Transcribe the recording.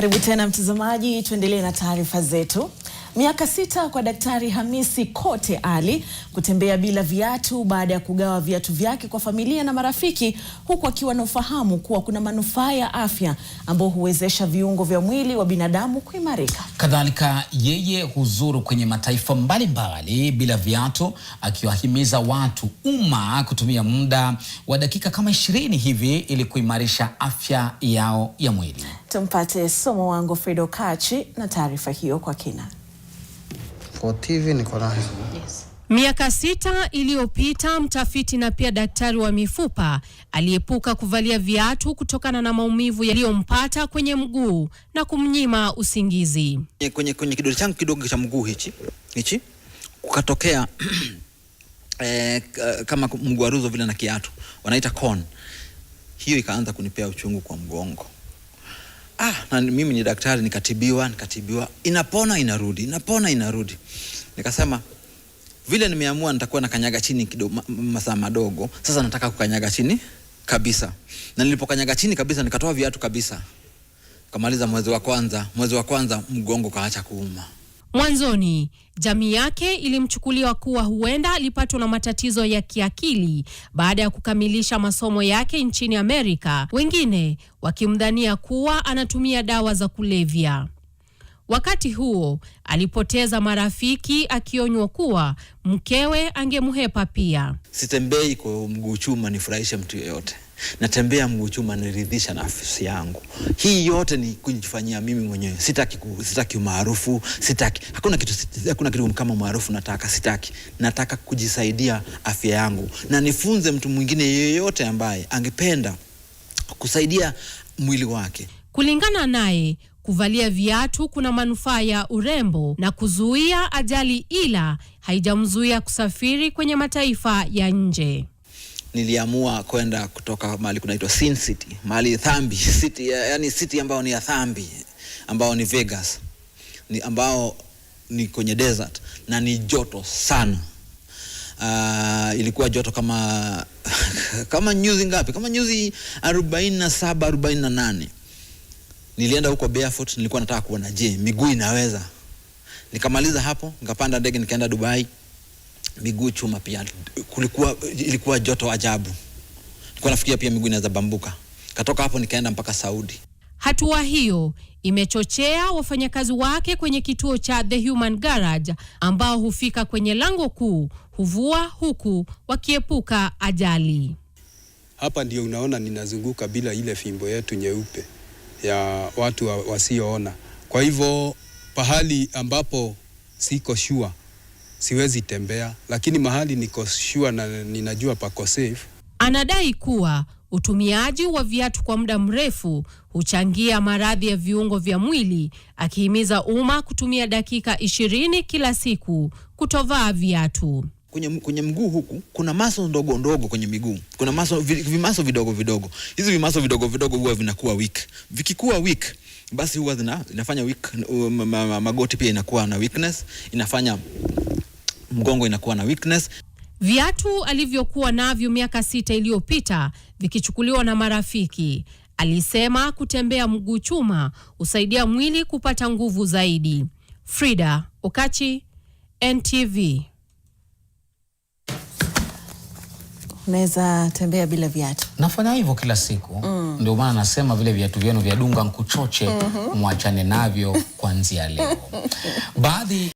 Karibu tena mtazamaji, tuendelee na taarifa zetu. Miaka sita kwa Daktari Hamisi Kote Ali kutembea bila viatu baada ya kugawa viatu vyake kwa familia na marafiki, huku akiwa na ufahamu kuwa kuna manufaa ya afya ambayo huwezesha viungo vya mwili wa binadamu kuimarika. Kadhalika, yeye huzuru kwenye mataifa mbalimbali bila viatu, akiwahimiza watu umma kutumia muda wa dakika kama ishirini hivi ili kuimarisha afya yao ya mwili. Tumpate somo wangu Fredo Kachi na taarifa hiyo kwa kina. For TV niko nayo. Yes. Miaka sita iliyopita mtafiti na pia daktari wa mifupa aliepuka kuvalia viatu kutokana na maumivu yaliyompata kwenye mguu na kumnyima usingizi. Kwenye, kwenye kidole changu kidogo cha mguu hichi hichi kukatokea eh, kama mguaruzo vile na kiatu wanaita kon, hiyo ikaanza kunipea uchungu kwa mgongo ah, na mimi ni daktari nikatibiwa, nikatibiwa, inapona inarudi, inapona inarudi. Nikasema vile nimeamua nitakuwa nakanyaga chini kidogo masaa madogo, sasa nataka kukanyaga chini kabisa. Na nilipokanyaga chini kabisa nikatoa viatu kabisa. Kamaliza mwezi wa kwanza, mwezi wa kwanza mgongo kaacha kuuma. Mwanzoni jamii yake ilimchukulia kuwa huenda alipatwa na matatizo ya kiakili baada ya kukamilisha masomo yake nchini Amerika, wengine wakimdhania kuwa anatumia dawa za kulevya. Wakati huo alipoteza marafiki, akionywa kuwa mkewe angemhepa pia. Sitembei kwa mguu chuma nifurahishe mtu yeyote natembea mguu chuma, niridhisha nafsi yangu. Hii yote ni kujifanyia mimi mwenyewe. Sitaki ku, sitaki umaarufu, sitaki hakuna kitu, hakuna kitu kama maarufu nataka, sitaki. Nataka kujisaidia afya yangu, na nifunze mtu mwingine yeyote ambaye angependa kusaidia mwili wake. Kulingana naye, kuvalia viatu kuna manufaa ya urembo na kuzuia ajali, ila haijamzuia kusafiri kwenye mataifa ya nje niliamua kwenda kutoka mahali kunaitwa Sin City, mahali dhambi city, yani city ambayo ni ya dhambi, ambayo ni Vegas, ni ambao ni kwenye desert na ni joto sana. Uh, ilikuwa joto kama kama nyuzi ngapi? Kama nyuzi 47 48. Nilienda huko barefoot, nilikuwa nataka kuona je, miguu inaweza. Nikamaliza hapo, nikapanda ndege nikaenda Dubai miguu chuma pia kulikuwa, ilikuwa joto ajabu, nilikuwa nafikiria pia miguu inaweza bambuka. Katoka hapo nikaenda mpaka Saudi. Hatua hiyo imechochea wafanyakazi wake kwenye kituo cha The Human Garage ambao hufika kwenye lango kuu huvua huku wakiepuka ajali. Hapa ndio unaona ninazunguka bila ile fimbo yetu nyeupe ya watu wasioona. Kwa hivyo pahali ambapo siko shua siwezi tembea, lakini mahali niko sure na ninajua pako safe. Anadai kuwa utumiaji wa viatu kwa muda mrefu huchangia maradhi ya viungo vya mwili, akihimiza umma kutumia dakika ishirini kila siku kutovaa viatu. Kwenye, kwenye mguu huku kuna maso ndogo ndogo kwenye miguu, kuna maso vimaso vidogo vidogo. Hizi vimaso vidogo vidogo huwa vinakuwa weak, vikikuwa weak basi huwa inafanya weak, um, magoti pia inakuwa na weakness, inafanya mgongo inakuwa na weakness. Viatu alivyokuwa navyo miaka sita iliyopita vikichukuliwa na marafiki alisema kutembea mguu chuma husaidia mwili kupata nguvu zaidi. Frida Okachi, NTV. Unaweza tembea bila viatu? Nafanya hivyo kila siku mm. Ndio maana nasema vile viatu vyenu vya dunga nkuchoche, mm -hmm. Mwachane navyo kuanzia leo baadhi